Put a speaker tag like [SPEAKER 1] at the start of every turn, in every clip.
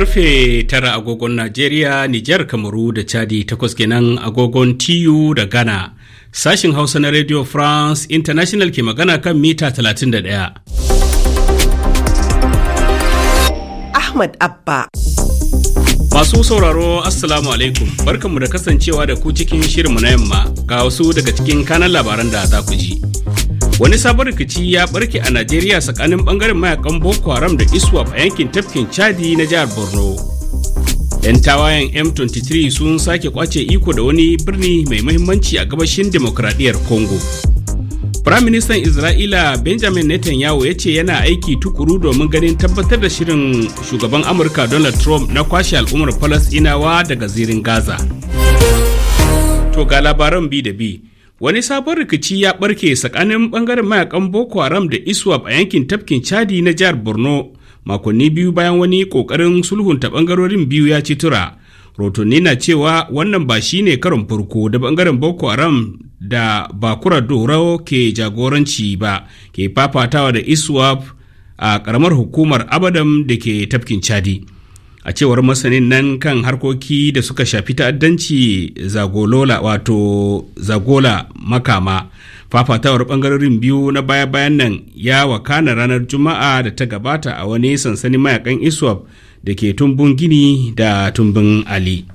[SPEAKER 1] karfe tara agogon Najeriya, Nijar, Kamaru da Chadi takwas kenan agogon TU da Ghana. Sashin Hausa na Radio France International ke magana kan mita 31. Ahmad Abba Masu sauraro Assalamu alaikum barkanmu da kasancewa da ku cikin shirinmu na yamma ga wasu daga cikin kanan labaran da za ku ji. wani sabon rikici ya barke a najeriya tsakanin bangaren mayakan boko haram da iswap a yankin tafkin chadi na jihar borno yan tawayen m23 sun sake kwace iko da wani birni mai mahimmanci a gabashin demokradiyyar congo Firaministan Isra'ila Benjamin Netanyahu ya ce yana aiki tukuru domin ganin tabbatar da shirin shugaban Amurka Donald Trump na kwashe al'ummar Falasɗinawa daga zirin Gaza. To ga labaran bi da bi. wani sabon rikici ya barke tsakanin bangaren mayakan boko haram da iswap a yankin tafkin chadi na jihar borno makonni biyu bayan wani kokarin sulhunta bangarorin biyu ya ci tura rotonni na cewa wannan ba shine ne karon farko da bangaren boko haram da bakura doro ke jagoranci ba ke fafatawa da iswap a karamar hukumar abadam da ke tafkin chadi a cewar masanin nan kan harkoki da suka shafi ta'addanci zagolola wato zagola makama fafatawar bangarorin biyu na baya-bayan nan ya wakana ranar juma'a da ta gabata a wani sansanin mayakan iswap da ke tumbin gini da tumbin ali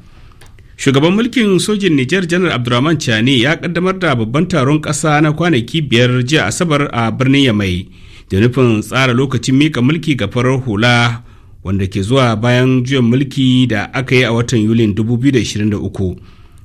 [SPEAKER 1] shugaban mulkin sojin niger janar abdurrahman chani ya kaddamar da babban taron ƙasa na kwanaki biyar jiya asabar a birnin yamai da nufin tsara lokacin mika mulki ga farar hula wanda ke zuwa bayan juyan mulki da aka yi a watan yulin 2023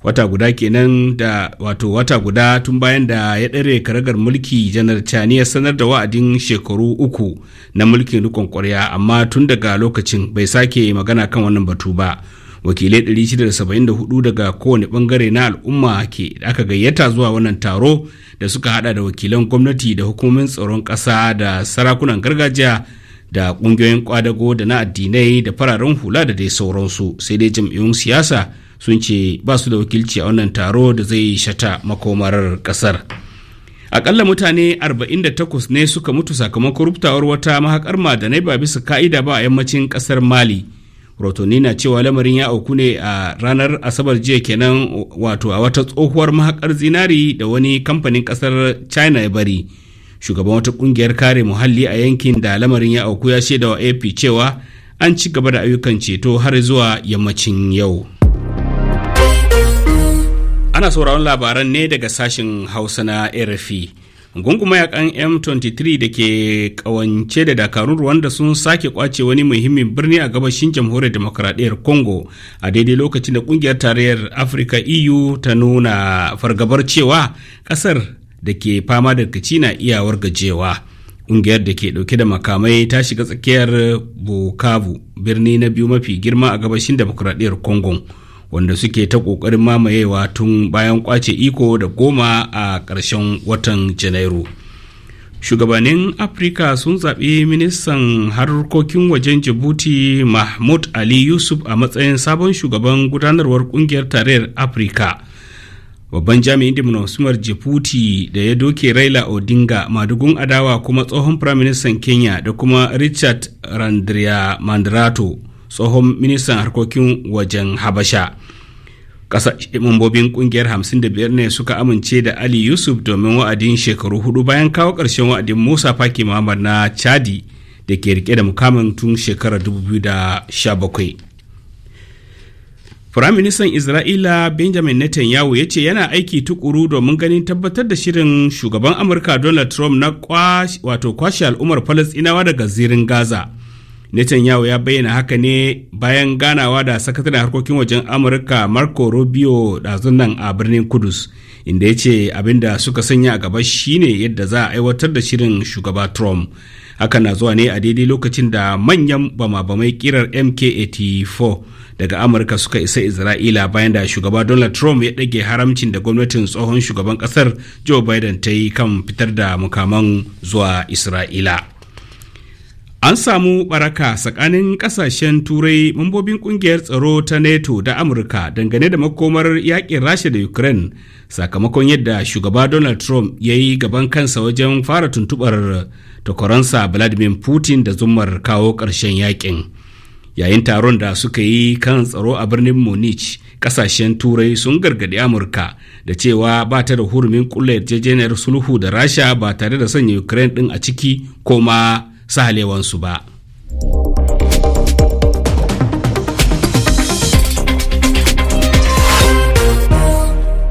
[SPEAKER 1] wata guda kenan da wato wata guda tun bayan da ya ɗare karagar mulki janar cani ya sanar da wa'adin shekaru uku na mulkin rikon kwarya amma tun daga lokacin bai sake magana kan wannan batu ba wakilai 674 daga kowane bangare na al'umma ke aka gayyata zuwa wannan taro da suka hada da wakilan gwamnati da hukumomin tsaron kasa da sarakunan gargajiya da kungiyoyin kwadago da na addinai da fararen hula da dai sauransu sai dai jam'iyyun siyasa sun ce ba su da wakilci a wannan taro da zai shata makomar kasar akalla mutane 48 ne suka mutu sakamakon ruftawar wata mahakar madanai ba bisa ka'ida ba a yammacin kasar mali rotoni na cewa lamarin ya auku ne a ranar asabar jiya kenan wato a wata tsohuwar mahakar zinari da wani kamfanin kasar china ya bari shugaban wata kungiyar kare muhalli a yankin da lamarin ya auku ya shaida wa ap cewa an ci gaba da ayyukan ceto har zuwa yammacin yau ana sauraron labaran ne daga sashen hausa na rfi gungun mayakan m23 da ke kawance da dakarun rwanda sun sake kwace wani muhimmin birni a gabashin jamhuriyar demokradiyyar congo a daidai lokacin da kungiyar tarayyar afirka eu ta nuna fargabar cewa kasar da ke fama da rikici na iyawar gajewa ƙungiyar da ke ɗauke da makamai ta shiga tsakiyar bukavu birni na biyu mafi girma a gabashin demokuraɗiyar congo wanda suke ta ƙoƙarin mamayewa tun bayan kwace iko da goma a ƙarshen watan janairu shugabannin afirka sun zaɓi ministan harkokin wajen jibuti mahmud ali yusuf a matsayin sabon shugaban gudanarwar ƙungiyar tarayyar afirka babban jami'in dimnosumar jibuti da ya doke raila odinga madugun adawa kuma tsohon firaministan kenya da kuma richard randria mandrato tsohon ministan harkokin wajen habasha ƙungiyar mambobin ƙungiyar 55 ne suka amince da ali yusuf domin wa'adin shekaru hudu bayan kawo ƙarshen wa'adin musa faki muhammad na chadi da ke rike da mukamin tun shekarar 2017 Firaministan Isra'ila Benjamin Netanyahu ya ce yana aiki tukuru domin ganin tabbatar da shirin shugaban Amurka Donald Trump na kwashe al'ummar Falasɗinawa daga zirin Gaza. Netanyahu ya bayyana haka ne bayan ganawa da sakataren harkokin wajen Amurka Marco Rubio ɗazun nan a birnin Kudus, inda ya ce abin da suka sanya a gaba shine yadda za a aiwatar da shirin shugaba Trump. Haka na zuwa ne a daidai lokacin da manyan bama-bamai kirar MK-84 daga amurka suka isa isra'ila bayan da shugaba donald trump ya ɗage haramcin da gwamnatin tsohon shugaban ƙasar joe biden ta yi kan fitar da mukaman zuwa isra'ila an samu baraka tsakanin kasashen turai mambobin kungiyar tsaro ta nato da amurka dangane da makomar yakin rasha da ukraine sakamakon yadda shugaba donald trump ya yi gaban kansa wajen fara tuntubar takwaransa vladimir putin da zumar kawo ƙarshen yakin yayin taron da suka yi kan tsaro a birnin munich kasashen turai sun gargadi amurka da cewa ba ta da hurumin kulla yarjejeniyar sulhu da rasha ba tare da sanya ukraine din a ciki ko ma sahalewansu ba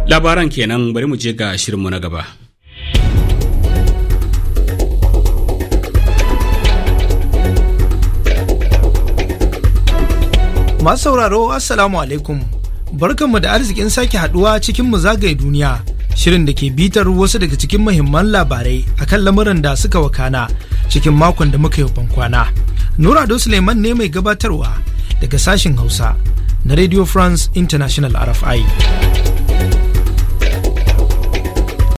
[SPEAKER 1] labaran kenan bari mu je ga shirinmu na gaba Masu sauraro Assalamu alaikum. Barkanmu da arzikin sake haduwa cikin mu zagaye duniya. Shirin da ke bitar wasu daga cikin muhimman labarai akan lamuran da suka wakana cikin makon da muka yi kwana. Nura Ado Suleiman ne mai gabatarwa daga sashin Hausa na Radio France International RFI.